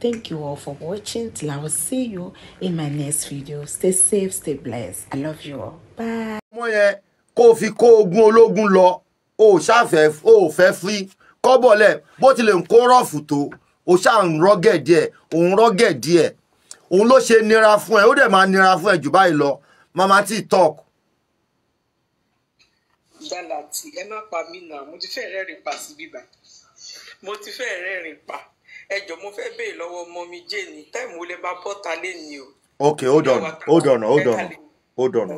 Thank you all for watching. Till I will see you in my next video. Stay safe, stay blessed. I love you all. Bye. Ọmọ yẹn kó fi kó ogun ológun lọ, ó ṣàfẹ́ ó fẹ́ fí kọ́bọ̀lẹ̀ bó tilẹ̀ ń kó rọ̀fù tó, ó ṣáà ń rọ́gẹ̀ díẹ̀, òun rọ́gẹ̀ díẹ̀. Òun ló ṣe nira fún ẹ, ó dẹ̀ máa nira fún ẹ jù báyìí lọ. Mama T talk. Dálàtì, ẹ má pa mí náà, mo ti fẹ́ rẹ́rìn pa síbí báyìí. Mo ti fẹ́ rẹ́rìn pa ẹ mo fẹ́ béèrè lọ́wọ́ ọmọ mi jẹ́ ní táìmù olè bá bọ́ta lé ní o. ok hold on hold on hold on hold on.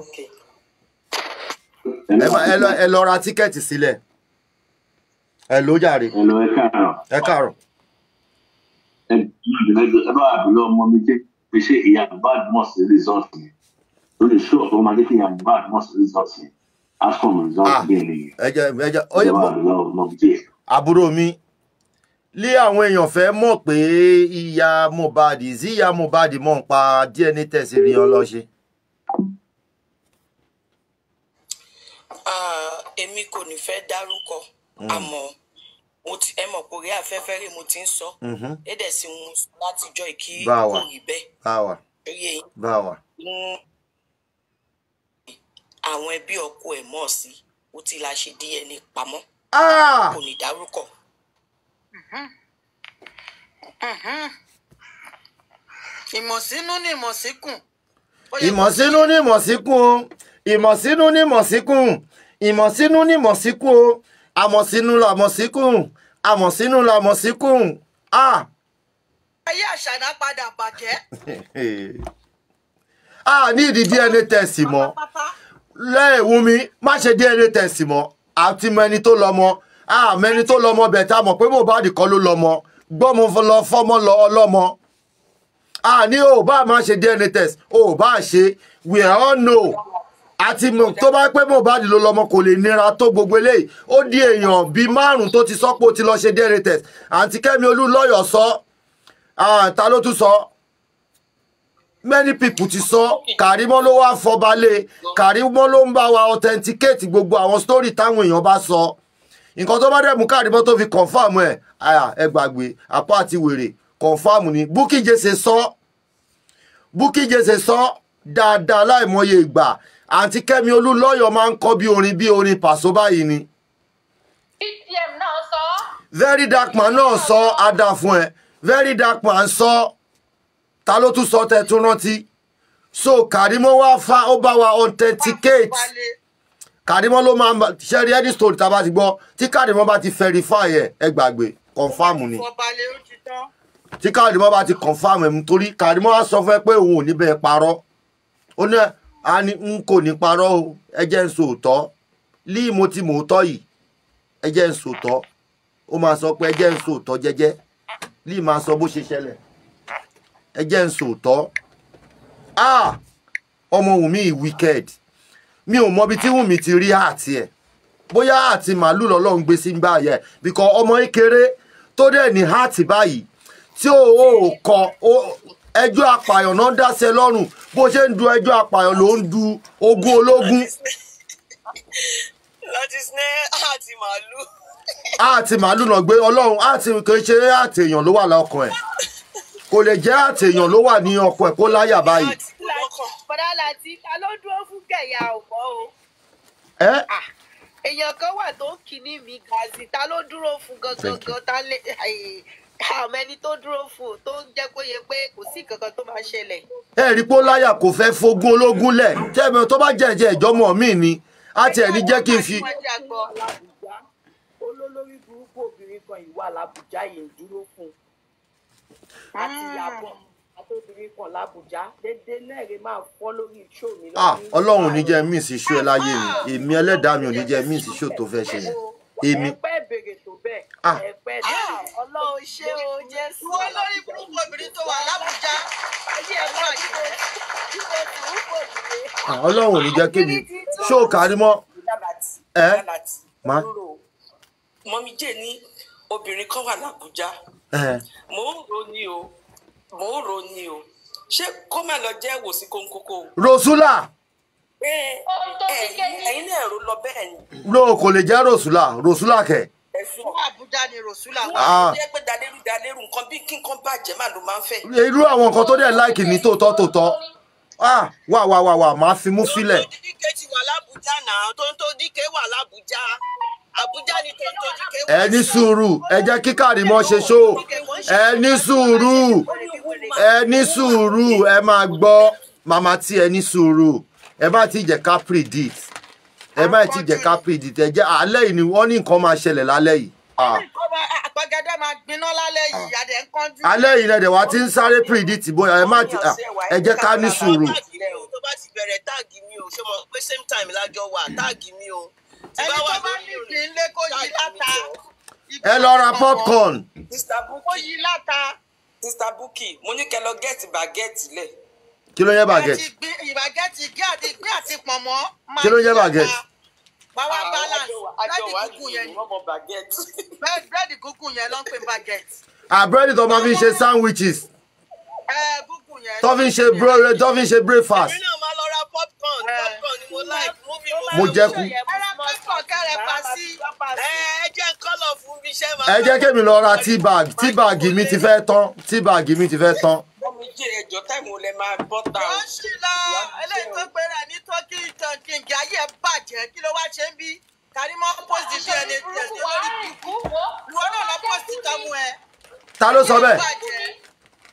ẹ lọ ra tíkẹ́ẹ̀tì sílẹ̀ ẹ ló jàre. ẹ lọ ẹ káàárọ̀. ẹ káàárọ̀. ẹ bá àbúrò ọmọ mi jẹ́ pé ṣé ìyá bad must result yẹn lórí ṣó ọ̀pọ̀ máa jẹ́ ìyá bad must result yẹn ascom result bẹ́ẹ̀ ni. ẹ jẹ ẹ jẹ ọyẹ mọ àbúrò mi lé àwọn èèyàn fẹ́ mọ̀ pé ìyá Mohbad sí ìyá Mohbad mọ̀ ń pa DNA test rí ọ lọ ṣe. Ah, èmi kò ní fẹ́ dárúkọ mm. àmọ́ mo ti ẹ mọ̀ pé orí afẹ́fẹ́ rè mo ti ń sọ mm-hmm. ẹ dẹ̀ sí mu látijọ́ kí kò rí bẹ́ẹ̀ báwa báwa àwọn ẹbí ọkọ ẹ̀ mọ̀ sí ó ti la ṣe DNA pamọ́ ah! kò ní dárúkọ ìmọ̀sínú ni ìmọ̀síkùn. ìmọ̀sínú ni ìmọ̀síkùn o ìmọ̀sínú ni ìmọ̀síkùn ìmọ̀sínú ni ìmọ̀síkùn o àmọ̀sínú la àmọ̀síkùn àmọ̀sínú la àmọ̀síkùn. ayé àṣàdá padà bàjẹ́. a ní ìdí DNA test mọ́ lẹ́ẹ̀wú mi má ṣe DNA test mọ́ àti mọ ẹni tó lọ àmẹni tó lọmọ bẹ̀ tá a mọ̀ pé Mohbad kọ́ ló lọmọ gbọ́mọ lọ fọ́mọ lọ ọlọ́mọ àní ò bá a máa ṣe DNA test ò bá a ṣe we all know àti tó bá pé di ló lọmọ kò lè nira tó gbogbo eléyìí ó di èèyàn bíi márùn-ún tó ti sọ pé ti lọ ṣe DNA test àǹtí Kẹ́mi Olúlọ́yọ̀ sọ ta ló tún sọ many people ti sọ Karimo ló wá fọbalẹ̀ Karimo ló ń bá wa authenticate gbogbo àwọn story táwọn èèyàn bá sọ. So nǹkan tó bá dẹ̀ mú káàdì bọ́ tó fi confam ẹ̀ ẹ gbàgbé apá àti wèrè confam ni Bukky Jesse sọ Bukky Jesse sọ dáadáa láìmọye ìgbà àǹtí Kẹ́mi Olúlọ́yọ̀ máa ń kọ́ bí orin bí orin pàṣọ báyìí ni. ptm e náà sọ. very dark man náà sọ ada fún ẹ very dark man sọ ta ló tún sọ tẹ tún rántí so Karimo wá fa ó bá wa authenticate. Karimo ló máa ń ṣẹ́rí any story tá a bá ti gbọ́ tí Karimo bá ti verify ẹ̀ ẹ gbàgbé confam ni tí Karimo bá ti confam ẹ̀ torí Karimo á sọ fún ẹ pé òun ò ní bẹ́ẹ̀ parọ́ ó ní a ní n kò ní parọ́ o ẹ jẹ́ sòótọ́ líì mo ti mòótọ́ yìí ẹ jẹ́ sòótọ́ ó máa sọ pé ẹ jẹ́ sòótọ́ jẹ́jẹ́ líì máa sọ bó ṣe ṣẹlẹ̀ ẹ jẹ́ sòótọ́ ah ọmọ Wùmí wicked mi ò mọbi tí Wùnmí ti rí àti ẹ̀ bóyá àti màálù lọ́lọ́run gbé sí gbà yẹ bíkọ́ ọmọ kékeré tó dẹ̀ ní háàtì báyìí tí ò kọ ẹjọ́ apààyàn náà dáṣẹ́ lọ́rùn bó ṣe ń du ẹjọ́ apààyàn ló ń du ogún ológun. láti sinẹ́ àti màálù. àti màálù náà gbé ọlọ́run àti kò ṣe àti èèyàn ló wà lọ́kàn ẹ̀ kò lè jẹ́ àtẹ̀yàn ló wà ní ọkọ̀ ẹ̀ láyà báyìí. bọ́dá láti ta ló dúró fún kẹ̀yà ọ̀pọ̀ o. ẹ. èèyàn kan wà tó ń kíní mi gàzì ta ló dúró fún gangan ta lè ẹni tó dúró fún tó ń jẹ́ kó yẹ pé kò sí kankan tó máa ṣẹlẹ̀. ẹ rí pé ó láyà kò fẹ́ fogún ológun lẹ̀ tẹ́ẹ̀mọ tó bá jẹ̀jẹ̀ ìjọmọ mi ni á tiẹ̀ ní jẹ́ kí n fi. olólórí burúkú obìnrin kan ìwà làbújá yìí ń dúró fún un àti ìyàbọ̀ ah. àtòbìnrin kan làbújá dédé náà rè máa fọ́ lórí iṣó mi. Ah, ọlọ́run ò ní jẹ́ mí sí iṣó ẹ láyé mi ah. èmi ẹlẹ́dàá mi ò ní jẹ́ mí sí iṣó tó fẹ́ ṣe yẹn èmi. ẹ̀pẹ́ bèrè tó bẹ́ẹ̀ ẹ̀pẹ́ tó. ọlọ́run ṣé o jésù. wọ́n lórí burúkú obìnrin tó wà lábújá ayé ẹ̀ máa ọlọ́run ò ní jẹ́ kébi ṣó o mọ́. ẹ má. mọ́mí jẹ́ ní obìnrin kan wà lábújá mo ń ro o mo ń ro o ṣé kó má lọ jẹ́ wòsí kónkókó. rosula. ẹyin náà ro lọ bẹ́ẹ̀ ni. ro kò lè jẹ́ rosula rosula kẹ̀. ẹ̀sùn àbújá ni rosula. wọ́n ti ah. jẹ́ pé dalérú dalérú nǹkan bí kí nǹkan bàjẹ́ màá ló máa ń fẹ́. irú àwọn nǹkan tó dẹ̀ láìkì ní tòótọ́ tòótọ́ ah, wà wà wà wà máa fi sílẹ̀. tó ń tó díkẹ́ wà lábújá náà tó ń tó díkẹ́ wà lábújá ẹ ní sùúrù ẹ jẹ́ kí Karimo ṣe ṣó ẹ ní sùúrù ẹ ní sùúrù ẹ máa gbọ́ màmá tí ẹ ní sùúrù ẹ má ti jẹ́ ká predict ẹ má ti jẹ́ ká predict ẹ jẹ́ alẹ́ yìí ni wọ́n ní nǹkan máa ṣẹlẹ̀ lálẹ́ yìí àgbàgádá máa gbiná lálẹ́ yìí àdé ń kánjú. yìí lẹ́dẹ̀ wá ti ń sáré predict bóyá ẹ má ti ẹ jẹ́ ká ní sùúrù. tó bá ti bẹ̀rẹ̀ táàgì mi o ṣé mo pé same time lájọ wà táàgì mi o ẹni tó bá ní ìpín lé kó yí láta. ẹ lọ ra popcorn. Mr. Bukki kó yí láta. Mr. Bukki mo ní kẹ́ lọ gẹẹti bàgẹẹti lẹ. kí ló ń yẹ bàgẹẹti. ìbàgẹẹti gé àti gbé àti pọ̀nmọ́. kí ló ń yẹ bàgẹẹti. bàbá ah, balance bírèdì kúkú yẹn bírèdì kúkú yẹn ló ń pè bàgẹẹti. àbúrẹ́dì ah, tó máa fi ṣe sandwiches. ẹ eh, bú tó fi ń ṣe bro tó fi ń ṣe breakfast. èmi náà máa lọ ra popcorn popcorn ni mo like movie movie. mo jẹ kú. ẹ ra popcorn kẹrẹ pàṣí ẹ jẹ kọlọ fún mi ṣe máa. ẹ jẹ́ kémi lọ ra tea bag tea bag mi ti fẹ́ tán tea bag mi ti fẹ́ tán. ọmọ ìjìnlẹ̀ ẹjọ́ táìmù lè máa bọ́ ta o. ó ṣì lọ eléyìí tó gbéra ní tọ́kì ìtàn kìngì ayé ẹ̀ bàjẹ́ kí ló wá ṣe ń bí kàrímọ́ post dna tẹ̀sí lórí kíkú ìwọ náà lọ post tọ́mú ẹ. ta ló sọ bẹ́ẹ̀.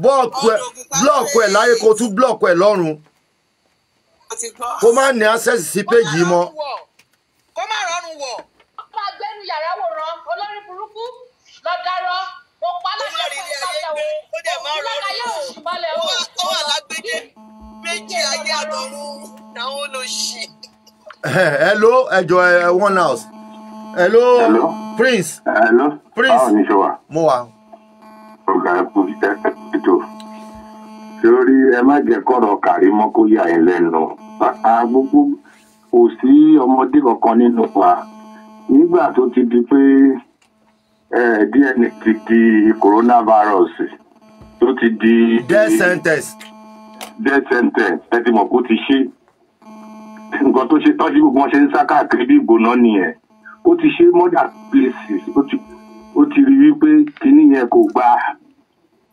blọọkù ẹ̀ láyé kó tún blọọkù ẹ̀ lọ́run kó má ní access sí péjì yìí mọ́. kó má rọrùn wọ̀. ọkọ agbẹnu yàrá wòran olórí burúkú lọ́gàrọ́ mo pa láti ẹ̀kọ́ ìgbàlẹ̀ o ó dẹ̀ máa rọrùn ó wà lágbèjẹ méjì ayé àtọ̀run làwọn olóṣì. hello ẹjọ one house hello prince hello prince mo wà ọ̀gá ètò lórí ẹ má jẹ́ kọ́rọ̀ kàrí mọ́ kó yà ẹ́ lẹ́nu bàtà gbogbo kò sí ọmọdé kankan nínú wa nígbà tó ti di pé DNA ti di coronavirus tó ti di. death sentence. death sentence ẹ ti mọ̀ kó ti ṣe nǹkan tó ṣe tọ́jú gbogbo wọn ṣe ń sá káàkiri bí ìgbóná nìyẹn ó ti ṣe murder places ó ti ó ti rí wípé kinní yẹn kò gba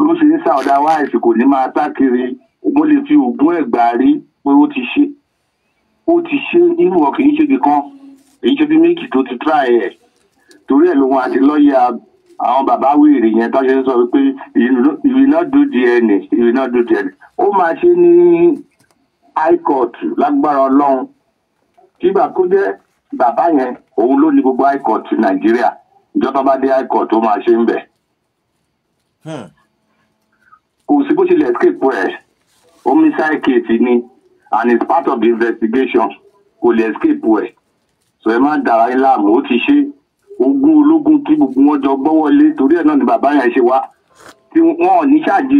ló ṣe ń ṣàwọ́dà wáìsì kò ní máa sá kiri mo lè fi oògùn ẹ̀gbà rí pé ó ti ṣe ó ti ṣe ìwọ kì í ṣe nìkan kì í ṣe bí méjì tó ti tíráì ẹ̀ torí ẹ̀ lóhun àti lọ́ọ̀yà àwọn bàbá wèrè yẹn tó ṣe ń sọ wípé ìwé DNA ìwé DNA ó máa ṣe ní high court lágbára ọlọ́run kí bàkúndé bàbá yẹn òun ló ní gbogbo high court nàìjíríà jọ́tọ́ bá dé high court ó máa ṣe ń bẹ̀. Hmm. kò sí bó ṣe escape ẹ̀ homicide case ni and it's part of the investigation kò lè escape ẹ̀ So ẹ má dàrá yín láàmú ó ti ṣe ogún ológun tí gbogbo wọn jọ gbọ́wọ́ lé torí ẹ̀ náà ni bàbá yẹn ṣe wá tí wọn ò ní ṣáàjì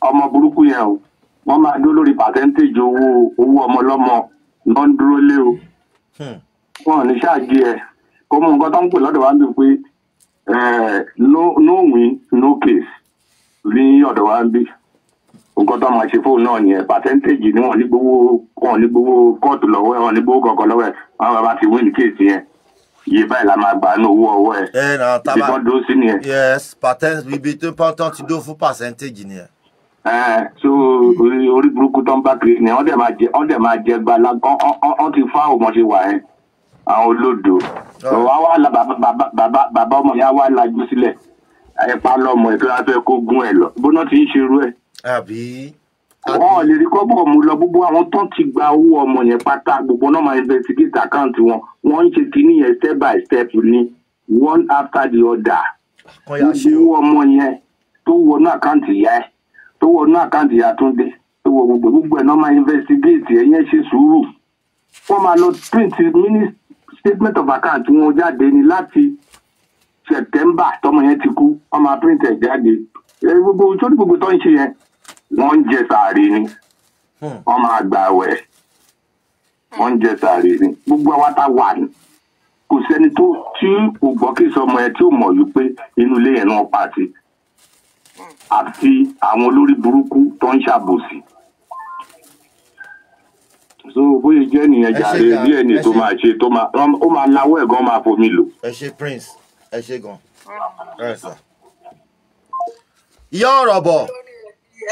ọmọ burúkú yẹn o wọn máa dó lórí pàtẹ́ńtéèjì owó owó ọmọ náà ń dúró lé o hmm. wọn ò ní ṣáàjì ẹ̀ ó mú nǹkan tó ń pè lọ́dọ̀ wa ń bí pé no win no case ní ọ̀dọ̀ wa ń bí nǹkan tó máa ṣe fóun náà nìyẹn pàṣẹ́ntéèjì ni wọ́n ní gbowó wọ́n ní gbowó kóòtù lọ́wọ́ ẹ̀ wọ́n ní gbowó kọ̀ọ̀kan lọ́wọ́ ẹ̀ wọ́n bá ti win case yẹn iye báyìí la máa gbà ní owó ọwọ́ ẹ̀ ibi dúró sí nìyẹn. yes patent ibi tó pọ́ńtán ti dúró fún pàṣẹ́ntéèjì nìyẹn. ẹ so orí burúkú tó ń bá kiri ni wọ́n dẹ̀ máa jẹ gbala wọ́n ti fáwọn ọmọ ṣe wà yẹn àwọn olódo wàá ah. wá la bàbá ọmọ yẹn á wá lajú sílẹ̀ ẹ̀pá lọ́mọ ẹ̀ tó yà fẹ́ kó gún ẹ̀ lọ bóná ti ń ṣerú ẹ̀. wọn ò lè rí kọ́bọ̀ mú lọ gbogbo àwọn tó ti gba owó ọmọ yẹn pátá gbogbo náà máa investigate account wọn wọ́n ń ṣe kínní yẹn step by step ni one after the other. gbogbo ọmọ yẹn tó wọnú àkáǹtì ìyá ẹ̀ tó wọnú àkáǹtì ìyá tó ń dé tó wọ gbogbo gbogbo ẹ̀ náà máa investigate ẹ̀yẹn ṣe sùúrù wọ́n máa lọ print minister statement of account wọn jáde ni láti September tọmọ yẹn ti kú wọn máa print ẹ jáde gbogbo sórí gbogbo tó ń ṣe yẹn wọn ń jẹ sàárè ni hmm. wọn máa gbà wọn ń jẹ sàárè ni gbogbo àwa tá wà ní kò sẹ́ni tó tí kò gbọ́ kí sọmọ ẹ tí ò mọ̀ yìí pé inú ilé yẹn náà pàtì hmm. àti àwọn olórí burúkú tó ń ṣàbòsí so bó ṣe jẹ́ nìyẹn jàre díẹ̀ ni tó máa ṣe tó máa ó máa nawọ́ ẹ̀gán máa fomi lò. ẹ ṣe prince ẹ ṣe gan. yọ ọ̀rọ̀ bọ̀.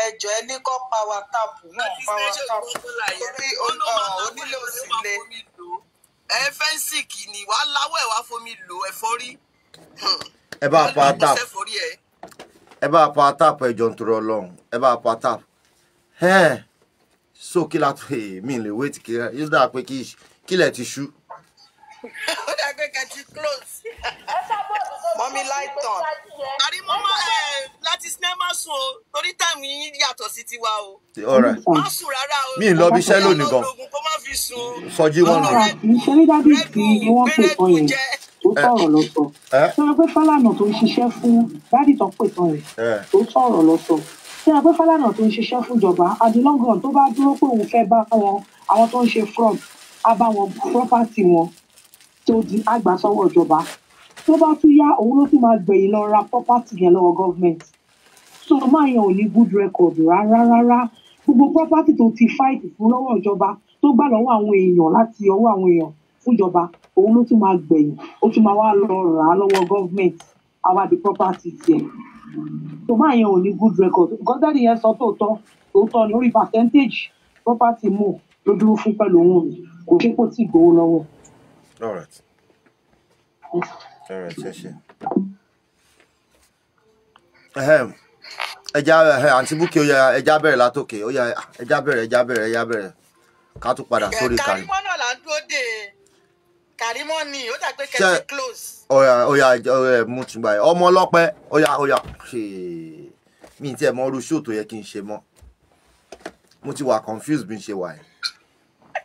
ẹjọ ẹ ní kó pàwọ́ táàpù náà pàwọ́ táàpù torí ah, onílé òsì lè. ẹ fẹ́ǹsì kì ni wàá láwọ̀ ẹ̀ wàá fomi lò ẹ̀fọ́rí. ẹ bá pa táàpù ẹ bá pa táàpù ẹjọ ń torọ Ọlọ́run ẹ bá pa táàpù so kí la tẹ mí lè wait tìkì rẹ yóò dáa pé kí lẹ ti ṣú. ó dà pé kẹ́tì close mọ́mí láìtàn àrí mo máa ẹ̀ láti sinimá sùn o torí táìmù yín yàtọ̀ sí tiwa o. má sùn rárá o mi lọ bí iṣẹ́ lónìí gan sọjí wọn nù. ìṣeré dábì kì í wọ́n pè tán yẹn tó tọ̀rọ̀ lọ sọ. sọ eh? pé eh? fálànà tó ń ṣiṣẹ́ fún dádì tó pè tán rẹ̀ tó eh. tọ̀rọ̀ lọ sọ ṣé ẹ pé Fálànà tó ń ṣiṣẹ́ fúnjọba adilọ́ngàn tó bá dúró pé òun fẹ́ bá wọn àwọn tó ń ṣe fraud á bá wọn property wọn tó di àgbàsọ́wọ́ ìjọba tó bá tún yá òun ló tún máa gbẹ̀yìn lọ ra property yẹn lọ́wọ́ government so máa yan òní good record rárá rárá gbogbo property tó ti fight fún lọ́wọ́ ìjọba tó gbà lọ́wọ́ àwọn èèyàn láti ọwọ́ àwọn èèyàn fúnjọba òun ló tún máa gbẹ̀yìn ó tún máa wá lọ rà á lọ́wọ́ government àwa the property tiẹ̀ tó máa yẹn ò ní good record gọ́dẹ́rì yẹn sọ tòótọ́ tòótọ́ ni orí percentage property mú ló dúró fún pẹ̀lú òun mi kò ṣe kó tí gbowó lọ́wọ́. all right all right ṣe ṣe ẹja àǹtí búkì ó yẹ ẹja bẹ̀rẹ̀ látòkè ó yẹ ẹja bẹ̀rẹ̀ ẹja bẹ̀rẹ̀ ẹja bẹ̀rẹ̀ ká tún padà sórí kàní. ẹ̀ka ni mọ́nà là ń dúró dé e. Karimo ni ó dà pé kẹsì close. ọ̀yà ọ̀yà ọ̀yà mo tún gbà yẹ ọmọ ọlọ́pẹ́ ọ̀yà ọ̀yà mi ì tiẹ̀ mọ irú ṣó tó yẹ kí n ṣe mọ́ mo ti wà confused bí n ṣe wa yẹn.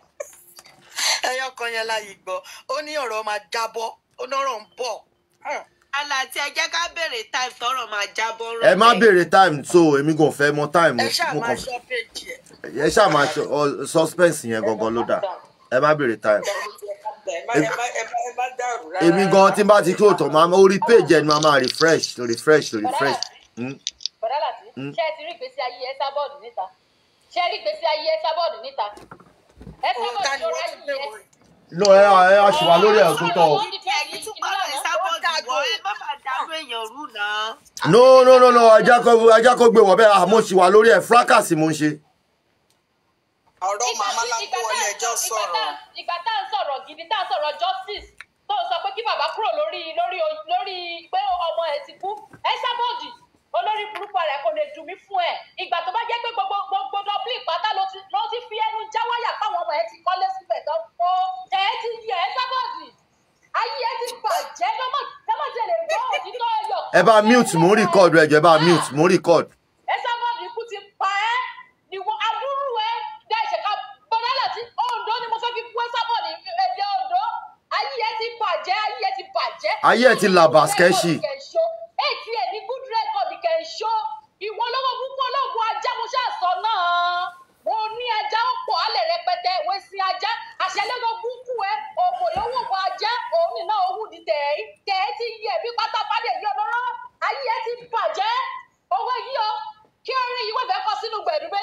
ẹyọ kan yẹn láàyè gbọ́ ó ní ọ̀rọ̀ máa jábọ́ ó nọ̀rọ̀ ń bọ̀ aláti hmm. ẹ jẹ́ ká béèrè time tọrọ máa jábọ́ rọ. ẹ má béèrè time so èmi kò fẹ́ mọ̀ time mo kàn fẹ́ ẹ ṣáà máa ṣọ suspense yẹn gangan ló dà ẹ má béèrè time èmi gan tí n bá ti kúrò tán máa orí page ẹnu máa refresh to refresh to refresh. bọ̀dá láti ẹ ẹ sábọ́ọ̀dù lórí ẹ tó tọ o. no no no no ajá kó gbé wọ bẹ́ẹ̀ àmọ́ ṣì wà lórí ẹ fracas mo ń ṣe. ọ̀rọ̀ màmá lágbo wọlé ẹjọ́ sọ̀rọ̀ ibi tá a sọ̀rọ̀ justice tó sọ pé kí bàbá kúrò lórí lórí lórí pé ọmọ ẹ̀ ti kú ẹ sábọ̀dì olórí burúkú rẹ kò lè dùn mí fún ẹ ìgbà tó bá jẹ́ pé gbogbo gbogbo dọ́bìlì pátá ló ti fi ẹnu já wáyà táwọn ọmọ ẹ ti kọ́lé síbẹ̀ tó kó ẹ ti yẹ ẹ sábọ̀dì ayé ẹ ti bàjẹ́ lọ́mọdé lè gbọ́ òtítọ́ ẹ̀yọ̀. ẹ bá mute mo record ẹ jọ bá mute mo record. ẹ sábọ̀dì ikú ti pa ẹ́. ayé ti bàjẹ́ ayé ti bàjẹ́. ayé ti làbà skẹ́ṣì. ètí ẹ̀ ní good record kẹ̀ ń ṣó ìwọ lọ́wọ́ púpọ̀ ọlọ́gun ajá mo ṣàṣọ náà mo ní ajá ọ̀pọ̀ alẹ̀ rẹpẹtẹ ìwé sin ajá àṣẹlẹ́gàn kúkú ẹ òkò lówó bọ ajá òun nìna owó di tẹ̀ ẹ́ tẹ̀ ẹ́ ti yẹ bí pátápátá yọ lọ́rọ́ ayé ẹ ti bàjẹ́ owó yíyọ kí orin yìí wọ́n fẹ́ kọ́ sínú gbẹ̀dúgbẹ́.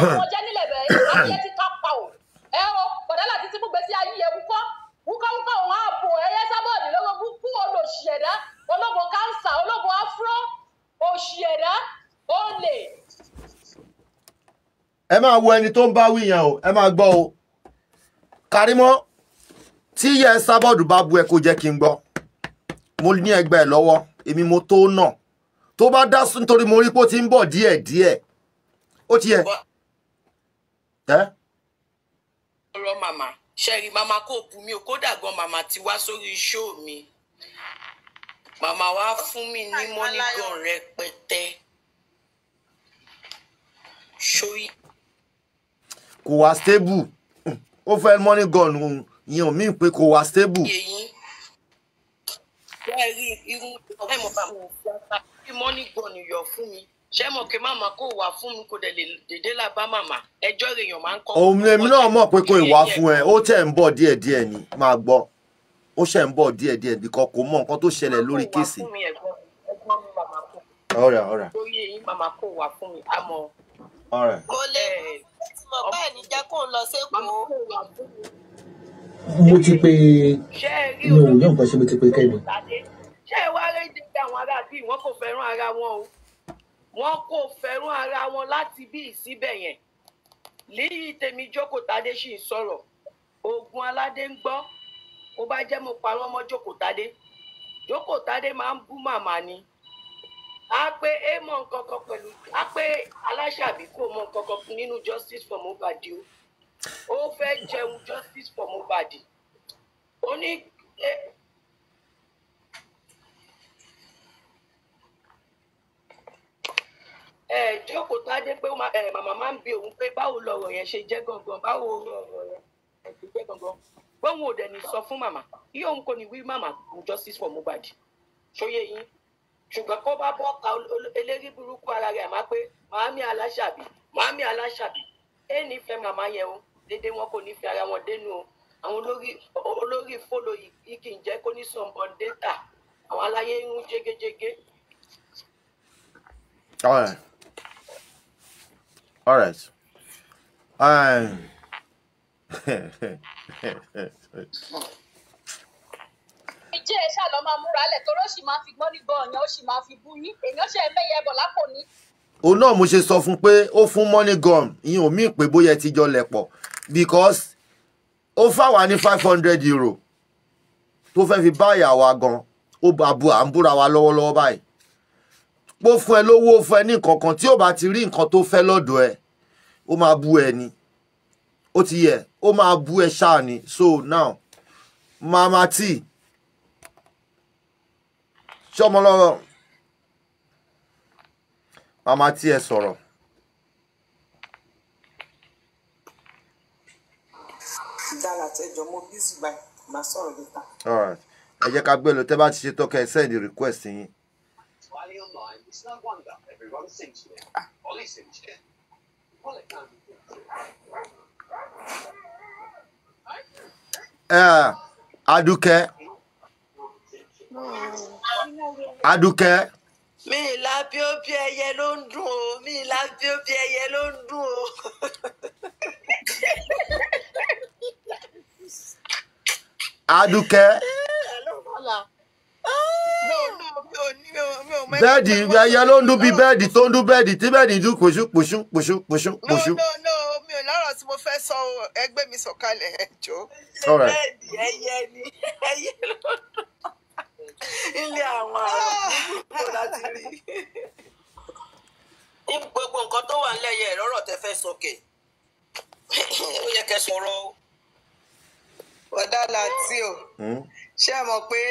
àwọn ọmọ nílẹ̀ bẹ̀rẹ̀ ìwọ́n ti ti ká pa ò ẹ o bọ̀dálà ti tìbú gbèsè ayé yẹ wúkọ́ wúkọ́ wúkọ́ òun ààbò ẹyẹ sábọ̀dì lọ́gbọ̀n kú olóṣì ẹ̀dá ológun kánsà ológun afro òṣì ẹ̀dá olè. ẹ máa wo ẹni tó ń bá wí o ẹ máa gbọ́ o Karimọ́ tí yẹ sábọ̀dù bá bu ẹ kó jẹ́ kí n gbọ́ mo ní ẹgbẹ́ ẹ lọ́wọ́ èmi mo tó náà tó bá dá sí nítorí mo rí pé ó ti ń bọ̀ díẹ̀díẹ̀ ó ti yẹ ọ̀rọ̀ màmá ṣẹ́rí màmá kò bù mí o kódà gan màmá ti wá sórí ṣó mi màmá wa fún mi ní mọ́nìgàn rẹpẹtẹ ṣóyí. kò wá stable ó fẹ́ mọ́nìgàn yẹn ò míì pé kò wá stable. ṣẹ́rí irú ọ̀rẹ́ mo bá mọ̀ ọ́ fún mi mọ́nìgàn yọ fún mi ṣé mo kí màmá kò wá fún mi kò dẹ̀ lè dédé làbá màmá ẹjọ́ èèyàn máa ń kọ́. òun èmi náà mọ̀ pé kò ìwà fún ẹ ó tẹ̀ ń bọ̀ díẹ̀díẹ̀ ni máa gbọ́ ó ṣẹ̀ ń bọ̀ díẹ̀díẹ̀ bìkan kò mọ nǹkan tó ṣẹlẹ̀ lórí kéèsì. ọ̀rẹ́ ọ̀rẹ́. lóye yìí màmá kò wá fún mi àmọ́. ọ̀rẹ́. mo lè mo ti pe mi ò ní nǹkan ṣe mo ti pe kẹ́mi. ṣé ìwà rẹ̀ ń jẹ́ àwọn ará bíi wọn kò fẹ́ràn ara wọn o wọ́n kò fẹ́ràn ara wọn láti bí ìsíbẹ̀ yẹn líyìí tèmi jókòó tadé sì ń sọ̀rọ̀ oògùn aládé ń gbọ́ ó bá jẹ́ mo parọ́ mọ́ jókòó tadé jókòó tadé máa ń bú màmá ni á pé é mọ nǹkan kan pẹ̀lú á pé aláṣàbí kò mọ nǹkan kan nínú justice for Mohbad o ó fẹ́ jẹun justice for Mohbad ó ní jókòó tó á dé pé màmá máa ń bi òun pé báwo lọ̀rọ̀ yẹn ṣe jẹ́ gangan báwo lọ̀rọ̀ yẹn ṣe jẹ́ gangan gbóhùn ò dẹ̀ ní sọ fún màmá yí òun kò ní wí màmá justice for Mohbad ṣóyè yín ṣùgbọ́n kó bá bọ́ ka eléyìí burúkú ara rẹ̀ máa pé màámi aláṣàbí màámi aláṣàbí ẹ nífẹ̀ẹ́ màmá yẹn o dédé wọn kò nífẹ̀ẹ́ ara wọn dénú o àwọn olórí olórí fólò yìí kì í jẹ́ kó ní sọ̀nbọ̀n dẹ́ta àwọn aláyé ń jégéjégé. All right. All right. Um, ìjẹ́ ẹ ṣáà lọ́ máa múra lẹ̀ torí ó sì máa fi gbọ́n nígbọ́ ọ̀yàn ó sì máa fi bú yín èèyàn ṣe ẹ̀mẹ́yẹ ẹbọ lápò ní. òun náà mo ṣe sọ fún pé ó fún money gun ìyẹn ò mí pé bóyá ti jọ lẹ̀ pọ̀ because ó fáwa ní five hundred euro tó fẹ́ fi bá ìyàwó gan ó bá bu à wa lọ́wọ́lọ́wọ́ báyìí pó fún ẹ lówó fún ẹ ní nǹkan kan tí ò bá ti rí nǹkan tó fẹ́ lọ́dọ̀ ẹ̀ ó máa bu ẹ ni ó ti yẹ ó máa bu ẹ ṣáà ni so now mama t ṣọmọlọrọ mama t ẹ sọ̀rọ̀. all right ẹ jẹ́ ká gbé lọ tẹ́ bá ti ṣe tọ́ka ẹ send request yín. Online, Uh, eh, Adúkẹ́. Adúkẹ́. Mi la bí ó bí ẹyẹ ló ń dùn o, mi la bí ó bí ẹyẹ ló ń dùn o. Adúkẹ́. bẹ́ẹ̀dì ẹyẹ ló ń dún bí bẹ́ẹ̀dì tó ń dún bẹ́ẹ̀dì tí bẹ́ẹ̀dì dún pòṣù pòṣù pòṣù pòṣù pòṣù. no no no mi ò lọ́rọ̀ tí mo fẹ́ sọ ẹgbẹ́ mi sọ̀kalẹ̀ ẹ̀jọ́. bẹ́ẹ̀dì ẹyẹ ni ẹyẹ ló ń dún ilé àwọn àrùn láti rí. ní gbogbo nǹkan tó wà nílẹ̀ yẹn lọ́rọ̀ tẹ fẹ́ sọkè ó yẹ kẹ́ sọ̀rọ̀ o. ọ̀dà làtí o hmm? ṣé ẹ mọ̀ pé.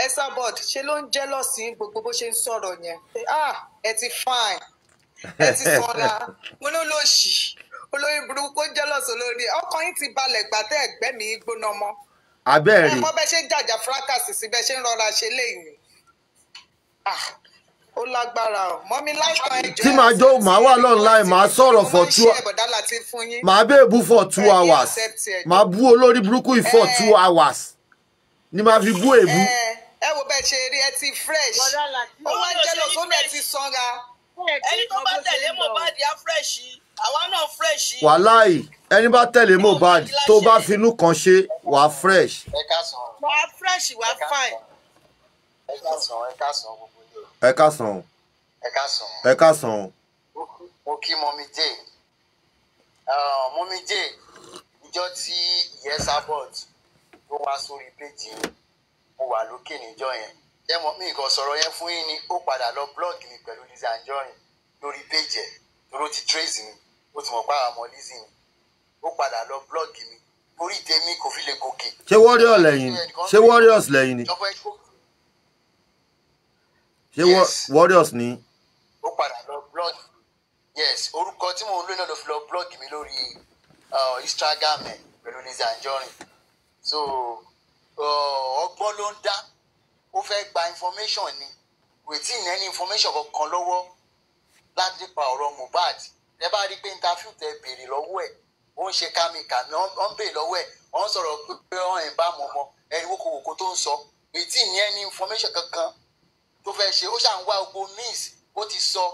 Esabod ṣe ló ń jẹ́ lọ́sìn gbogbo bó ṣe ń sọ̀rọ̀ yẹn ah, ẹ ti fine ẹ ti sọ̀ra mo ló lọ sí olórí burúkú jẹ́ lọ́sìn olórí ọkàn yín ti balẹ̀ gbà tẹ́ ẹ̀gbẹ́ mi gbóná mọ́ abẹ́rẹ́ ẹ mọ bẹ́ẹ̀ ṣe ń jàjà fracasi sí bẹ́ẹ̀ ṣe ń rọra ṣe léyìn ah, ó lágbára o mọ mi láìpẹ́ ẹjọ́ tí màá jó màá wà lọ́nlá ẹ̀ màá sọ̀rọ̀ for two màá bẹ́ẹ̀bù for two hours màá bú olórí burúkú for two hours ni màá fi bú èébú. Eh ẹ wo bẹ́ẹ̀ ṣe rí ẹ ti fresh ó wá jẹ́ lọ sónú ẹ ti sanra ẹni tó bá tẹ̀lé Mohbad á fresh àwa náà fresh. wàláì ẹni bá tẹ̀lé Mohbad tó bá finú kan ṣe wàá fresh. wàá fresh wàá fine. ẹ ká sàn ẹ ká sàn gbogbo ilé. ẹ ká sàn. ẹ ká sàn. ẹ mo kí mọ́mí jẹ́ mọ́mí jẹ́ ìjọ tí ìyẹn sábọ̀d ló wá sórí péjì wà lókè níjọ yẹn ẹ mọ mi nǹkan sọ̀rọ̀ yẹn fún yín ni ó padà lọ blọọgì mi pẹ̀lú Lizzy Anjorin lórí péjì ẹ̀ ti trace mi ó ti mọ̀ pé àwọn ọmọ Lizzy ni ó padà lọ blọọgì mi orí tèmi kò fi lè gòkè. ṣé warriors lẹ́yìn ni ṣé warriors lẹ́yìn ni ṣé warriors ni. ó padà lọ blọọgì yes orúkọ tí mò ń lò náà ló fi lọ blọọgì mi lórí uh, Instagram ẹ̀ Lizzy Anjorin so ọgbọ́n ló ń dá ó fẹ́ gba information ni kò tí ì nẹ́ni information kankan lọ́wọ́ láti nípa ọ̀rọ̀ Mohbad ẹ bá rí i pé interview tẹ béèrè lọ́wọ́ ẹ̀ ó ń ṣe kàmìkàmì ó ń béèrè lọ́wọ́ ẹ̀ ó ń sọ̀rọ̀ pé ó ń bá mọ̀ mọ́ ẹni wọ́n kò wò kó tó ń sọ kò tí ì nẹ́ni information kankan tó fẹ́ ṣe ó ṣàn wá gbogbo means ó ti sọ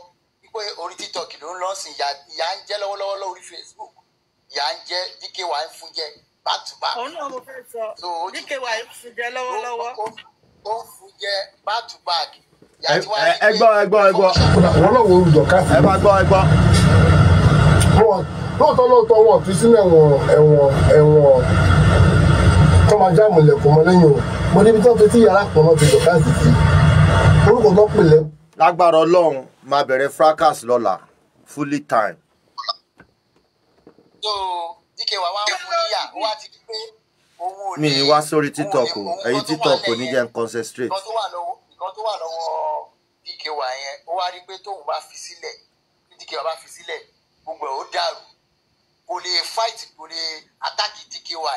pé orí TikTok ló ń lọ́sìn ìyá ń jẹ́ lọ́wọ́lọ́wọ́ lórí Facebook ìyá ń jẹ́ DKY fún jẹ́ back to back. òun náà mo fẹ́ sọ bí kéwà fi jẹ lọ́wọ́lọ́wọ́. ó ń fún jẹ back to back. ẹ gbọ́ ẹ gbọ́ ẹ gbọ́. àwọn náà wo olùdọ̀ká sí. ẹ bá gbọ́ ẹ gbọ́. lóòótọ́ lóòótọ́ wọn fi sínú ẹ̀wọ̀n ẹ̀wọ̀n ẹ̀wọ̀n tó máa já àmọ̀lẹ̀kùn mọ́ lẹ́yìn o mo níbi tó ń fetí yàrá kan náà ti dọ̀ká sí sí orúkọ tó pè lẹ́kùn. lágbára ọlọ́run máa bẹ̀rẹ̀ fracas lọ́la fully time. so díkẹ́ wà wá ń fún níyà wá ti di pé owó ni mi ni wá sórí tiktok o ẹ̀yin tiktok ò ní jẹ́ n concentrate. nǹkan tó wà lọ́wọ́ díkẹ́ wà yẹn ó wá rí pé tóun bá fi sílẹ̀ díkẹ́ wà bá fi sílẹ̀ gbogbo ẹ̀ ó dàrú kò lè fight kò lè attack díkẹ́ wà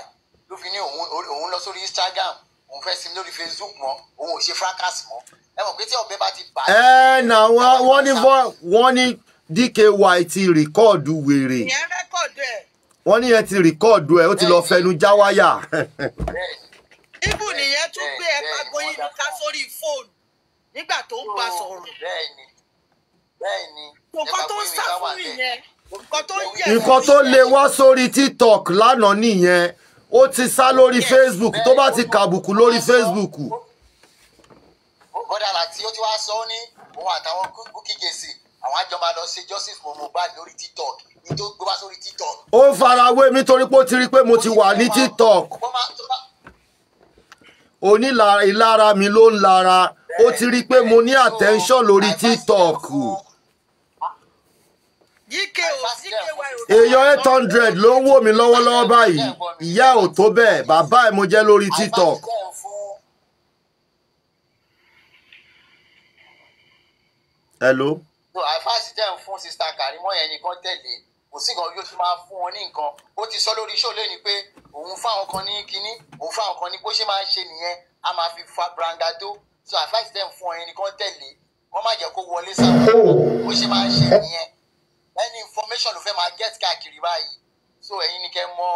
ló fi ní òun lọ sórí instagram òun fẹ́ sinmi lórí facebook mọ́ òun ò ṣe fracas mọ́ ẹ mọ̀ pé tí ọ̀bẹ bá ti bá. ẹ ẹ nà wọ́n ní wọ́n ní dky ti rìkọ́ọ̀dù wèrè. ìyẹn rẹ wọ́n ní yẹn ti rìkọ́ọ̀dù ẹ̀ ó ti lọ fẹnu já wáyà. ibù nìyẹn tún gbé ẹ máa gbóyin ní ká sórí fóònù nígbà tó ń bá sọ̀rọ̀. nǹkan tó ń sá fún nìyẹn. nǹkan tó lè wá sórí tiktok lánàá nìyẹn ó ti sá lórí facebook tó bá ti kàbùkù lórí facebook. bọ́dà láti ó ti wá sọ ọ́ ní òun àtàwọn Bukky Jesse àwọn àjọ máa lọ ṣe justice for Mohbad lórí tiktok ni tó gbé wá sórí tiktok. ó ń farawé mi torí pé ó ti rí pé mo ti wà ní tiktok onílara mi ló ń lara ó ti rí i pé mo ní attention lórí tiktok. èèyàn eight hundred ló ń wò mí lọ́wọ́lọ́wọ́ báyìí ìyá ò tó bẹ́ẹ̀ bàbá ẹ̀ mo jẹ́ lórí tiktok. hello. àfáàsì tẹ̀ ń fún sista Karimo yẹn nìkan tẹ̀lé kò sí nǹkan yóò ṣe máa fún wọn ní nǹkan ó ti sọ lórí iṣẹ́ òlé pé òun fáwọn kan ní kínní òun fáwọn kan ní bó ṣe máa ń ṣe nìyẹn a máa fi fa brangado so advice dem fún ẹni kan tẹ̀lé wọ́n má jẹ́ kó wọlé sáwọn oh. bó ṣe máa ń ṣe nìyẹn ẹni information ló fẹ́ máa get káàkiri báyìí so ẹ̀yin ni kẹ́ mọ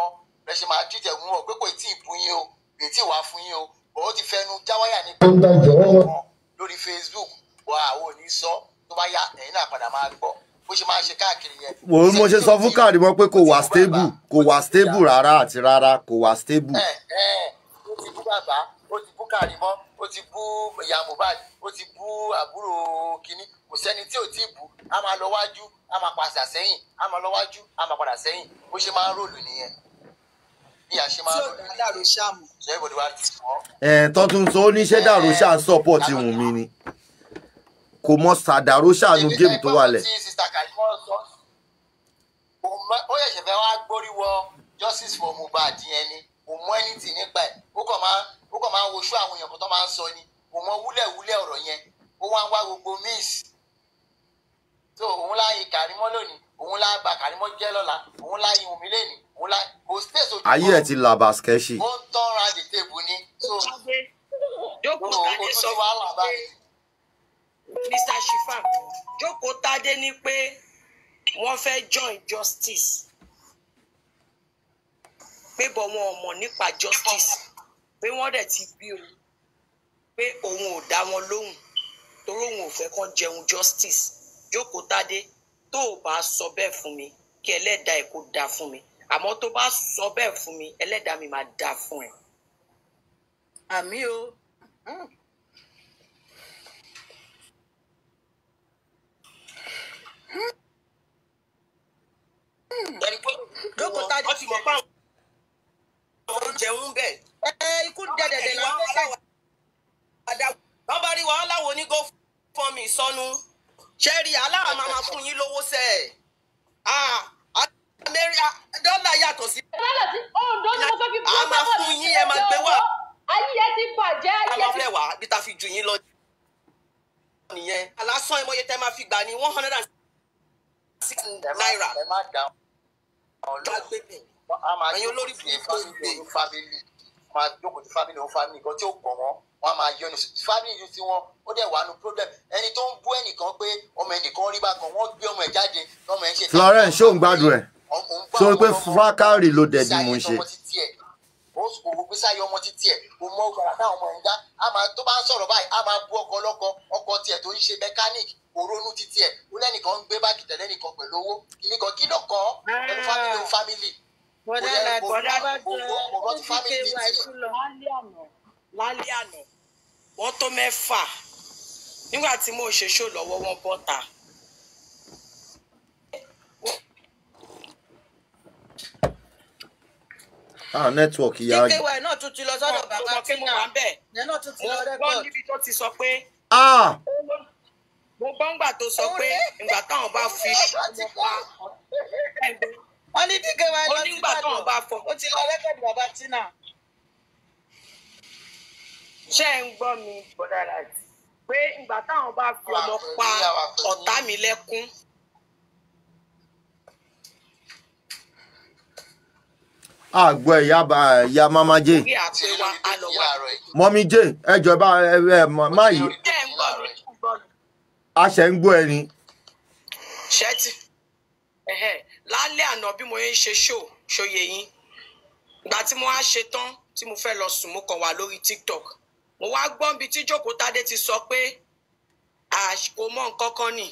rẹ ṣe máa tìtẹ̀ mú ọ pé kò tí ì bùn yín o kò tí ì wá fún yín o òun ti fẹnu jáwáyà ní pẹ̀lú lórí Facebook wà àwọn ò ní sọ tó bá yá ẹ̀yin náà padà máa gbọ́ bó ṣe máa ṣe káàkiri yẹn. wò ó mo ṣe sọ fún káàdì mọ pé kò wà stable kò wà stable rárá àti rárá kò wà stable. ẹ ẹ ó ti bú bàbá ó ti bú káàdì mọ ó ti bú ìyá Mohbad ó ti bú àbúrò kínní kò sẹ́ni tí ò tí ì bú a máa lọ wájú a máa padà sẹ́yìn a máa lọ wájú a máa padà sẹ́yìn bó ṣe máa ń ròlù nìyẹn bí a ṣe máa ń ròlù nìyẹn ṣé ìbòdì wa ti sọ. tọ́tún sọ ó ní ṣé dàrú ṣáà ń sọ́pọ̀ tí wùn mí ni kò mọ sàdáró ṣàánú géèmù tó wà lẹ̀. ó yẹ̀ṣẹ̀ fẹ́ wá gbóríwọ justice for Mohbad yẹn ni kò mọ anything nípa ẹ̀ ó kàn máa ó kàn máa ń woṣú àwọn èèyàn kan tó máa ń sọ ni kò mọ wúlẹ̀wúlẹ̀ ọ̀rọ̀ yẹn ó wá ń wá gbogbo miss so òun láàyè Kàrímọ́ lónìí òun lá gba Kàrímọ́ jẹ́ lọ́la òun láàyè omi lónìí òun lá kò space ojú. ayé ẹ ti là bàskẹ́ṣì. ó ń tọ́ra dìtẹ̀bù ni. jókòó ká ní sọ fún mi Mr. Shifam jókòó tádé ní pé wọ́n fẹ́ join justice Pe bọ̀ wọn ò mọ̀ justice Pe wọ́n dẹ̀ ti bí o pé òun ò dá wọn lóhùn torí òun ò fẹ́ kàn jẹun justice jókòó tádé tó o bá sọ bẹ́ẹ̀ fún mi kí ẹlẹ́dàá ẹ̀ kó da fún mi àmọ́ tó bá sọ bẹ́ẹ̀ fún mi ẹlẹ́dàá mi máa da fún ẹ. àmì o. Mm. Hmm. jókòó tá a ti mọ̀ pé àwọn oúnjẹ ń bẹ̀. ẹ ikú dẹ̀dẹ̀dẹ̀ la ń bẹ̀rẹ̀. wọ́n bá rí wa aláwo ní go fún mi sọnù ṣẹ́ẹ̀rì aláwọ̀ máa ma fún yín lówó a máa fún yín ẹ máa gbé wá. ayé ti bàjẹ́ ayé one hundred and six Florence ṣó ń gbádùn ẹ sọ pé fúlákàrì ló dẹ̀ ni ṣe. tó bá ń sọ̀rọ̀ báyìí á máa bú ọkọ ọlọ́kọ ọkọ tiẹ̀ tó ń ṣe mechanic kò ronú títí ẹ̀ o lẹ́nìkan ń gbé báàgì tẹ̀lé nìkan pẹ̀lú owó kìnìkan kí ló kọ́ ẹ̀rù fámìlì ń fámìlì. bọ́dá làbọ̀ ó ti ké wa ikú lọ. lálẹ́ àná wọ́n tó mẹ́fà nígbà tí mo ṣe ṣó lọ́wọ́ wọn bọ́ ta. ah network ìyá àgbẹ̀. ìkéwà náà tún ti lọ sọ́dọ̀ bàbá tí náà. mo gbọ́ níbi tó ti sọ pé. ah mo gbọ́ ngbà tó sọ pé ngbà táwọn bá fi ọmọ pa wọ́n ní dígẹ̀ wa lọ sí ìbàdàn ó ti lọ rẹ́kọ̀dì bàbá tina. ṣé ń gbọ́ mi pé ngbà táwọn bá fi ọmọ pa ọ̀tá mi lẹ́kún. àgbọ̀ ẹ̀yà ẹ̀yà mama jẹ́ mọ́mí jẹ́ ẹjọ́ bá ẹ má yìí a ṣe ń gbọ́ ẹni. ṣẹ́tì lálẹ́ àná bí mo ń ṣe ṣó ṣòye yín ìgbà tí mo á ṣe tán tí mo fẹ́ lọ sùn mo kàn wà lórí tiktok mo wá gbọ́n bíi tí jókòó tádé ti sọ pé kò mọ nǹkan kan nì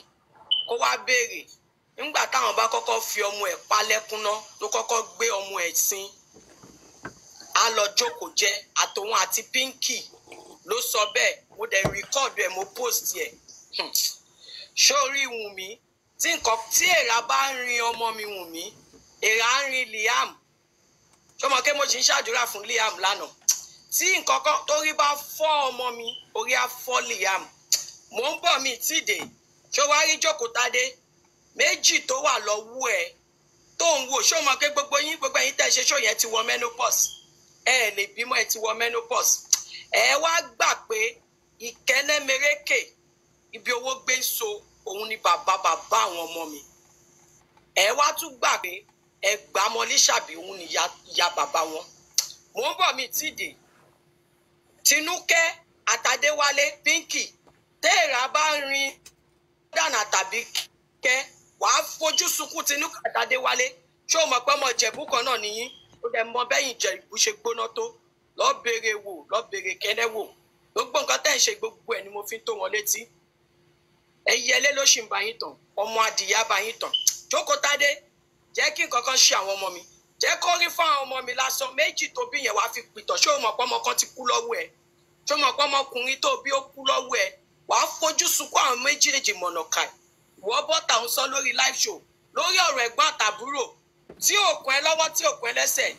kó wá béèrè nígbà táwọn bá kọ́kọ́ fi ọmọ ẹ̀ palẹ́kúná ló kọ́kọ́ gbé ọmọ ẹ̀ sin á lọ jókòó jẹ àtòun àti pínkì ló sọ bẹ́ẹ̀ mo dẹ̀ rìkọ́ọ̀dù ẹ̀ mo post ẹ̀ sórí hmm. Wùnmí tí nǹkan tí èèrà bá ń rin ọmọ mi Wùnmí èèrà ń rin Liam ṣọmọ kí mo ṣì ń ṣàdúrà fún Liam lánàá tí nǹkan kan torí bá fọ́ ọmọ mi orí á fọ́ Liam mò ń bọ̀ mí tìde ṣó wá rí jókòtadé méjì tó wà lọ́wọ́ ẹ̀ tó ń wò ṣó mọ pé gbogbo yín gbogbo ẹ̀yin tẹ́ ṣe ṣó yẹn ti wọ menopause ẹ lè bímọ ẹ ti wọ menopause ẹ wá gbà pé ìkẹ́nẹ́mẹrẹ́kẹ̀ ibi owó gbé so òun ni bàbá bàbá àwọn ọmọ mi ẹ wá tún gbà pé ẹ gbà mọlé ṣàbí òun ni ya bàbá wọn mò ń bọ̀ mí tìdè tinúkẹ́ àtàdéwálé pínkì téèrà bá rin dànà tàbí kẹ́ wàá fojú sunkún tinúkẹ́ àtàdéwálé ṣé o mọ̀ pé ọmọ ìjẹ̀bú kan náà nìyí ó dẹ̀ mọ bẹ́yìn ìjẹ̀bú ṣe gbóná tó lọ́ọ́ béèrè wò lọ́ọ́ béèrè kẹ́lẹ́ wò gbogbo nǹkan tẹ́ ń ṣe gbogbo ẹ̀ ni mo fi ń tó wọn létí ẹyẹlé ló ṣì ń bá yín tàn ọmọ adìyẹ bá yín tàn jókòó tádé jẹ́ kí nǹkan kan ṣe àwọn ọmọ mi jẹ́ kó rí fún àwọn ọmọ mi lásán méjì tó bí yẹn wàá fi pìtàn ṣé o mọ̀ pọ́mọ kan ti kú lọ́wọ́ ẹ̀ ṣé o mọ̀ pọ́mọ ọkùnrin tó bí ó kú lọ́wọ́ ẹ̀ wàá fojú sunkún àwọn méjèèjì mọ̀nà ká ìwọ́ bọ́tà ń sọ lórí live show lórí ọ̀rọ̀ ẹ̀gbọ́n àtàbúrò tí òkun ẹ lọ́wọ́ tí òkun ẹ lẹ́sẹ̀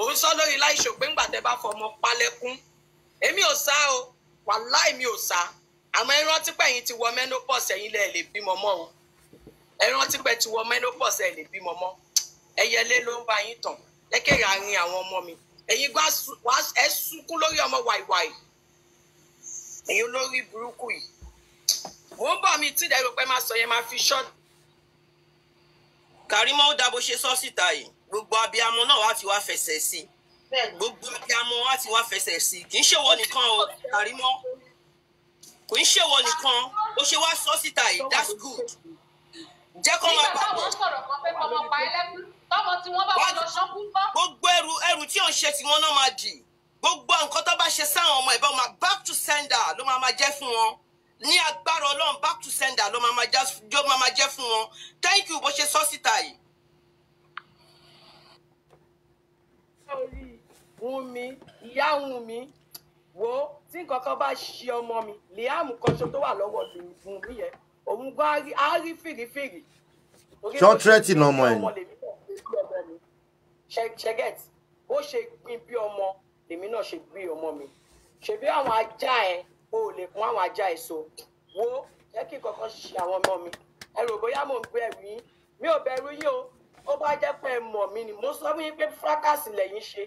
òun sọ lórí live show pé ńgbà tẹ bá fọmọ palẹ̀kùn èmi ò sá o wàláì mi ò sá àmọ́ ẹ rántí pé ẹ̀yin ti wọ menopause ẹ̀yin lẹ lè bímọ mọ́ o ẹ rántí pé ti wọ menopause ẹ lè bímọ mọ́ ẹyẹlé ló ń bá yín tàn lẹkẹyà rin àwọn ọmọ mi ẹ̀yin gbà ẹ sunkún lórí ọmọ wàìwàì ẹ̀yin olórí burúkú yìí mò ń bọ̀ mi tí ìdá ìròpẹ́ máa sọ yẹn máa fi ṣọ́. Karimo ó dá bó ṣe sọ síta yìí gbogbo abiyamọ náà wàá fi wá fẹsẹ̀ sí gbogbo abiyamọ wàá fi wá fẹsẹ̀ sí kì í ṣèwọ nìkan o Karimo kò ń ṣèwọ nìkan ó ṣe wá sọ síta yìí that's good jẹ́ kọ́ máa bá wọn sọ̀rọ̀ kan pé kọ́mọ pa ẹlẹ́kùn tọ́mọ tí wọ́n bá wọn lọ ṣọ́kú bọ́. gbogbo ẹrù ẹrù tí ò ń ṣe tiwọn náà máa dì gbogbo nǹkan tó bá ṣe sáwọn ọmọ ìbọn máa back to sender ló máa máa jẹ́ fún wọn ní agbára ọlọ́run back to sender ló máa máa jẹ́ fún wọn thank you bó ṣe sọ síta yìí. sórí wùn mí ìyá wùn mí wo tí nǹkan kan bá ṣe ọmọ mi Liam kanṣo tó wà lọ́wọ́ lùmùfún mi yẹn òun gan á rí fìrífìrí. ṣọ́ọ̀tírẹ́tì náà ọmọ ẹ̀ ni. bó ṣe gbin bí ọmọ lèmi náà ṣe gbin ọmọ mi ṣèbí àwọn ajá ẹ o lè kún àwọn ajá ẹ so wo jẹ́ kí nǹkan ṣe àwọn ọmọ mi ẹ rò bóyá mò ń gbé ẹ̀rù mi ò bẹ̀rù yín o ó bá jẹ́ pé ẹ mọ̀ mi ni mo sọ fún yín pé fracas lẹ́yìn ṣe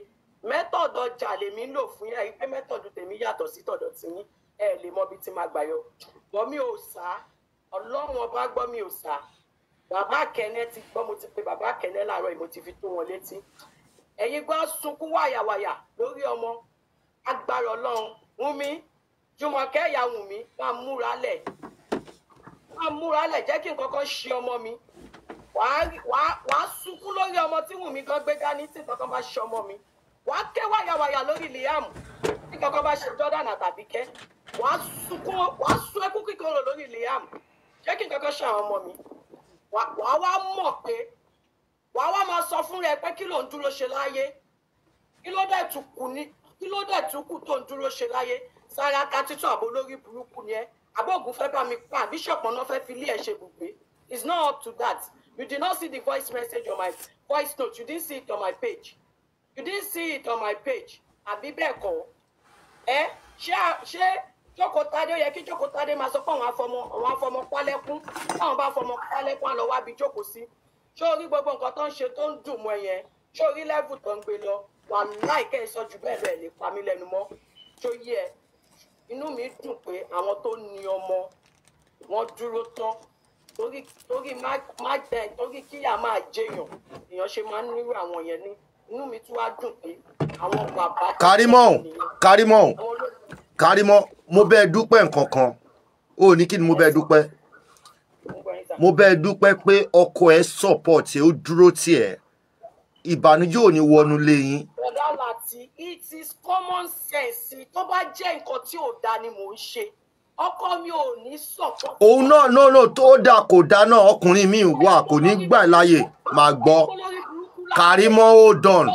mẹ́tọ̀dọ̀ ọjà lèmi ń lò fún yín pé mẹ́tọ̀dọ̀ tèmi yàtọ̀ sí tọ̀dọ̀ tiyín ẹ lè mọ ibi tí máa gbà yọ bọ́ mi ò sá ọlọ́run ọba gbọ́ mi ò sá bàbá kẹnẹ ti gbọ́ mo ti pe bàbá kẹnẹ láàárọ̀ yìí mo ti fi tó wọn létí ẹ̀yin gbọ́ sunkún wàyàwàyà lórí ọmọ agbára ọlọ́run Wúnmi Jùmọ̀kẹ́ ìyá Wúnmi máa múra lẹ̀ máa múra lẹ̀ jẹ́ kí nǹkan kan ṣe ọmọ mi wàá sunkún lórí ọmọ tí Wúnmi gan gbé dání tí nǹkan kan bá ṣe ọmọ mi wàá ké wàyàwàyà lórí Liam tí kankan bá ṣe Jordan àtàbí kẹ́ wàá sunkún wàá sun ẹkún kíkorò lórí Liam jẹ́ kí nkankan ṣe àwọn ọmọ mi wàá wá mọ̀ pé wàá wá máa sọ fún rẹ pé kí ló ń dúró ṣe láyé kí ló dẹ̀ tún kù ní kí ló dẹ̀ tún kù tó ń dúró ṣe láyé Sàràká títún àbò lórí burúkú ni ẹ abóògùn fẹ́ bá mi pa bíṣọ̀pù ọ̀nà fẹ́ fi ilé ẹ̀ ṣe gbùgbé it's not up to that you did not see the voice message on my voice note you didn't see it on my page you didn't see it on my page àbí bẹ́ẹ̀ kọ́ ẹ ṣé ṣé jókòtadé ó yẹ kí jókòtadé máa sọ fún àwọn afọmọ àwọn afọmọ pálẹ́kún táwọn bá fọmọ pálẹ́kún àlọ́ wábi jókòó sí ṣé orí gbogbo nǹkan tó ń ṣe tó ń dùn mọ́ ẹ̀yẹn ṣé orí lẹ́vù tó ń gbé lọ wà láìkẹ́ ìsọ jù bẹ́ẹ̀ bẹ́ẹ̀ lè pa mí lẹ́nu mọ́ tó yẹ inú mi dùn pé àwọn tó ní ọmọ wọn dúró tán torí torí má jẹ torí kíyà máa jẹyàn èèyàn ṣe máa ń nírú àwọn yẹn ní inú mi tún wá dùn pé àwọn bàbá. Karimọ Karimọ Karimọ mo bẹ́ẹ̀ dúpẹ́ nǹkan kan ó ní kí ni mo bẹ́ẹ̀ dúpẹ́ mo bẹ́ẹ̀ dúpẹ́ pé ọkọ ẹ support ẹ ó dúró tiẹ̀ ìbànújẹ́ ò ní wọnú lẹ́yìn. ọ̀dà láti it is common sense tó bá jẹ́ nǹkan tí ò dá ni mò ń ṣe ọkọ mi ò ní sọ̀kọ́. òun náà náà tó dáa kò dáa náà ọkùnrin mi wà kò ní gbà láàyè máa gbọ́. Karimọ hold on.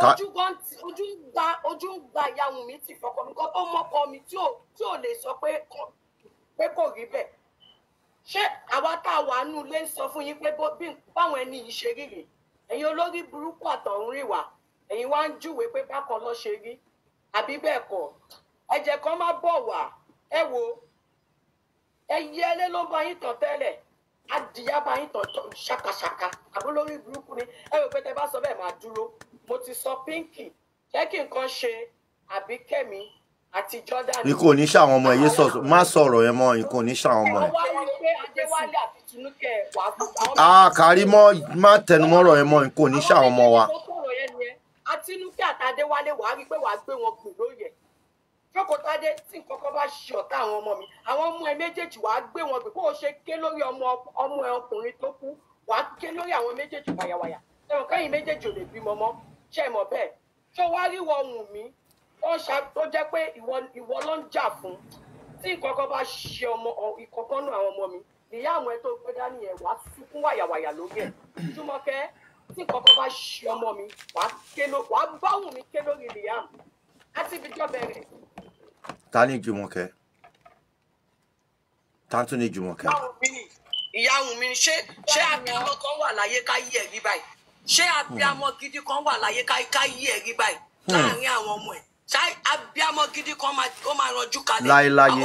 ojú ń gba ojú ń gba ìyàwó mi ti fọkàn mi kan tó mọ́kọ mi tí ò lè sọ pé kò rí bẹ́ẹ̀ ṣé àwa tá a wà nù lè sọ fún yín pé báwọn ẹni yìí ṣe rí rèé ẹ̀yin olórí burúkú àtọ̀hún rìn wá ẹ̀yin wá ń júwèé pé bákan lọ ṣe rí àbí bẹ́ẹ̀ kọ́ ẹ̀jẹ̀ kan má bọ̀ wá ẹ wo ẹyẹ ẹlẹ́ ló ń bá yín tàn tẹ́lẹ̀ adìyẹ yín tọ̀tọ̀ ṣàkàṣàkà àbólórí burúkú ni ẹ rò pé tẹ bá sọ bẹ́ẹ̀ máa dúró mo ti sọ pínkì jẹ́ kí nǹkan ṣe àbíkẹ́mi àti Jordan. ikú ò ní ṣàwọn ọmọ ẹyẹ sọ má sọ̀rọ̀ yẹn mọ́ ikú ò ní ṣàwọn ọmọ ẹ. a kárí mọ́ má tẹnumọ́rọ̀ yẹn mọ́ ikú ò ní ṣàwọn ọmọ wa. àtinúkẹ́ àtàdéwálé wàá rí pé wàá gbé wọn gbìn lóye jókòó tádé tí nǹkan kan bá ṣe ọ̀tá àwọn ọmọ mi àwọn ọmọ ẹ méjèèjì wàá gbé wọn pé kó o ṣe ké lórí ọmọ ọmọ ẹ ọkùnrin tó kú wàá ké lórí àwọn méjèèjì wàyàwàyà ẹ̀rọ kẹ́yìn méjèèjì ò lè bímọ mọ́ ṣe mọ̀ bẹ́ẹ̀ tó wá rí wọ ohun mi ó ṣá tó jẹ́ pé ìwọ ló ń jà fún tí nǹkan kan bá ṣe ọmọ ìkọ̀kan nù àwọn ọmọ mi ìyá àwọn ẹ tó gbé dání ẹ wàá sunkún wàyàwàyà lórí ẹ Jùmọ̀kẹ́ tí nǹkan kan bá ṣe ọmọ mi wàá bá wù mí ké lórí Liam àti ìfijọ́ bẹ̀rẹ̀ Tani ni Jùmọ̀kẹ́ ta tún ni Jùmọ̀kẹ́. ìyá Wùnmí ni ṣé ṣé abiyamọ kan wà láyé ká yí ẹ̀rí báyìí ṣé abiyamọ hmm. gidi kan wà láyé ká yí ẹ̀rí báyìí hmm. láàrin àwọn ọmọ ẹ̀ abiyamọ gidi kan ó máa ranjú kalẹ̀ láéláyé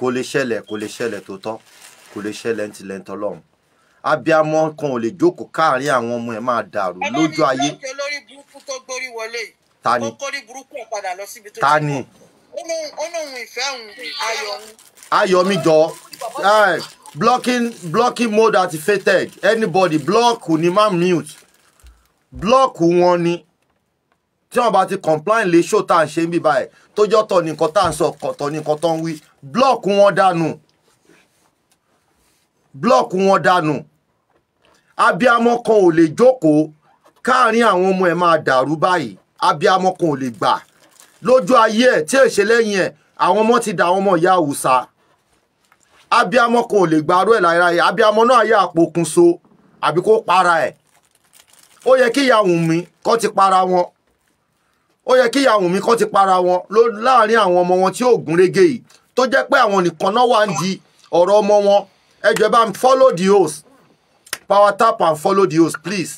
kò lè ṣẹlẹ̀ kò lè ṣẹlẹ̀ tó tọ́ kò lè ṣẹlẹ̀ ntí lẹ́ntọ́ lọ́hùn abiyamọ kan ò lè jókòó káàrin àwọn ọmọ ẹ̀ máa dàrú lójú ayé. ẹlẹ́rìí ló ń ṣe olórí burúkú tó gborí wọlé olóhùn ìfẹ́ òun ayọ̀ òun. ayọ̀mí jọ eh, blocking blocking mode activated anybody block ni má mute block wọn ni tí wọn bá ti complain lè ṣó tá à ń ṣe níbí báyìí tó jọ tọ nìkan tá à ń sọ tọ nìkan tó ń wí block wọn dànù block wọn dànù abiyamọ kan ò lè jókòó káàárín àwọn ọmọ ẹ̀ máa dàrú báyìí abiyamọ kan ò lè gbà lójú ayé ẹ̀ tí èṣe lẹ́yìn ẹ̀ àwọn ọmọ ti dà àwọn ọmọ ìyá àwùsà abiamọ kan ò lè gbarú ẹ̀ lára ẹ̀ abiamọ náà yà àpòkùn so àbí kó para ẹ̀ ó yẹ kí ìyá Wùnmí kọ́ ti para wọn ó yẹ kí ìyá Wùnmí kọ́ ti para wọn láàrin àwọn ọmọ wọn tí ò gún régé tó jẹ́ pé àwọn nìkan náà wà ń di ọ̀rọ̀ ọmọ wọn ẹ jọ̀ọ́ bá follow the host power tap and follow the host please.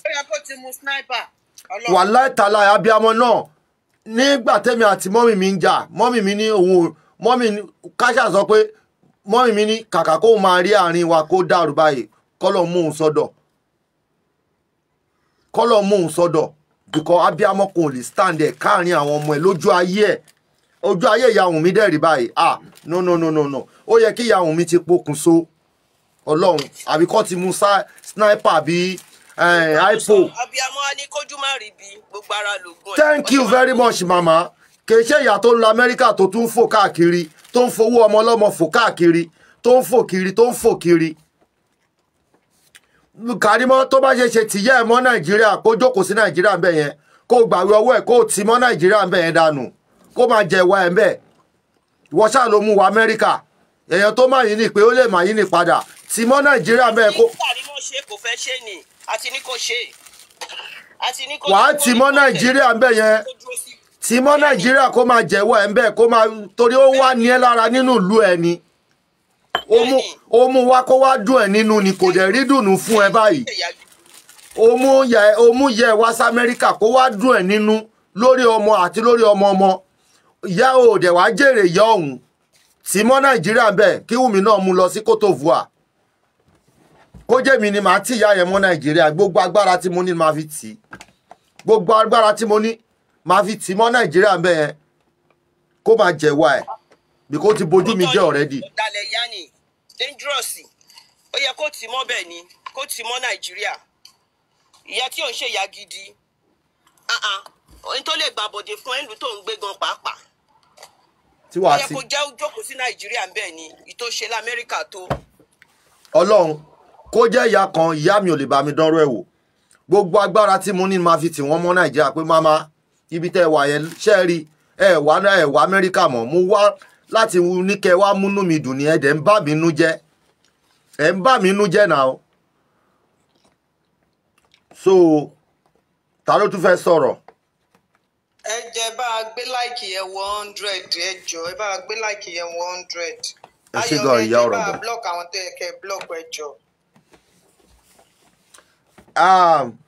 wàláìtàlá abiamọ náà nígbà tẹ́mi àti mọ́mì mi ń jà mọ́mì mi ní òun mọ́mì káṣà sọ pé mọ́mì mi ní kàkà kóun máa rí àárín wa kó dàrú báyìí kọ́lọ̀ mú un sọ́dọ̀ kọ́lọ̀ mú un sọ́dọ̀ bìkọ́ abiyamọ kò lè stand ẹ̀ káàrin àwọn ọmọ ẹ̀ lójú ayé ẹ̀ ojú ayé ìyá Wùnmí dẹ̀rí báyìí ah no no no no no ó yẹ kí ìyá Wùnmí ti pokùn so ọlọ́run àbí ti mú sniper bíi ipo. abiyamọ a rí bi gbogbo ara lògùn ẹ. thank you very much mama kì í ṣe ìyá tó ń lọ amẹ́ríkà tó tún ń fò káàkiri tó ń fowó ọmọ ọlọ́mọ fò káàkiri tó ń fò kiri tó ń fò kiri. Karimo tó bá ṣe ṣe tìyẹ́ ẹ̀ mọ́ nàìjíríà kó jókòó sí nàìjíríà ń bẹ̀ yẹn kó gbàwé ọwọ́ ẹ̀ kó tì mọ́ nàìjíríà ń bẹ̀ yẹn dànù kó máa jẹ ìwà ẹ̀ ń bẹ̀ wọ́n ṣáà ló mú wa amẹ́ríkà èèyàn tó máa yín ni pé ó lè máa yín ni padà tì mọ́ nàìjíríà ń bẹ̀ kó àti ní kò ṣe àti ní kò. wàá tì mọ́ nàìjíríà ń bẹ̀ yẹn tì mọ́ nàìjíríà kó máa jẹ́wọ́ ẹ̀ ń bẹ̀ kó máa torí ó wà ní ẹ lára nínú ìlú ẹ ni ó mú wá kó wá dùn ẹ nínú ni kò dẹ̀ rí dùnú fún ẹ báyìí ó mú yẹ wá sí amẹ́ríkà kó wá dùn ẹ nínú lórí ọmọ àti lórí ọmọ ọmọ ìyá ò dẹ̀ wá jèrè ìyá ọ̀hún tì mọ́ nàìjíríà ń kí wùmí náà mú lọ sí Cote d'Ivoire kó jẹ́ mi ni màá tì ìyá yẹn mọ́ nàìjíríà gbogbo agbára tí mo ní màá fi tì gbogbo agbára tí mo ní màá fi tì mọ́ nàìjíríà bẹ́ẹ̀ kó máa jẹ̀wá ẹ̀ bí kò ti bójú mi jẹ́ already. dalẹ̀ yanni dangerous ó yẹ kó tì mọ́ bẹ́ẹ̀ ni kó tì mọ́ nàìjíríà ìyá tí ò ń ṣe ìyá gidi tó lè gbàbọ̀dé fún ẹ̀lú tó ń gbé gan pàápàá tí wàá sí. ó yẹ kó jẹ́ jókòó sí nàìjíríà bẹ́ẹ̀ ni ìtòṣe lamẹ́ríkà tó. ọlọ́run kó jẹ́ ìyá kan ìyá mi ò lè bá mi dánrọ́ ẹ̀ wò gbogbo agbára tí mo ní máa fi tì wọ́n mọ́ nàìjíríà pé máma ibi tẹ́ ẹ wà yẹn ṣẹ́ rí ẹ wà ẹ wà amẹ́ríkà mọ̀ mo wá láti ní kẹ́ wá múnú mi dùn ní ẹ dẹ̀ ń bà mí nú jẹ́ ẹ ń bà mí nú jẹ́ náà so ta ló tún fẹ́ sọ̀rọ̀ ẹ jẹ́ bá a gbé láìkì yẹn one hundred ẹ jọ ẹ bá a gbé láìkì yẹn one hundred. ẹ ṣe gan ayọ̀ ẹ jẹ́ bá a block àwọn tó yẹ kẹ́ block ẹ jọ. Um,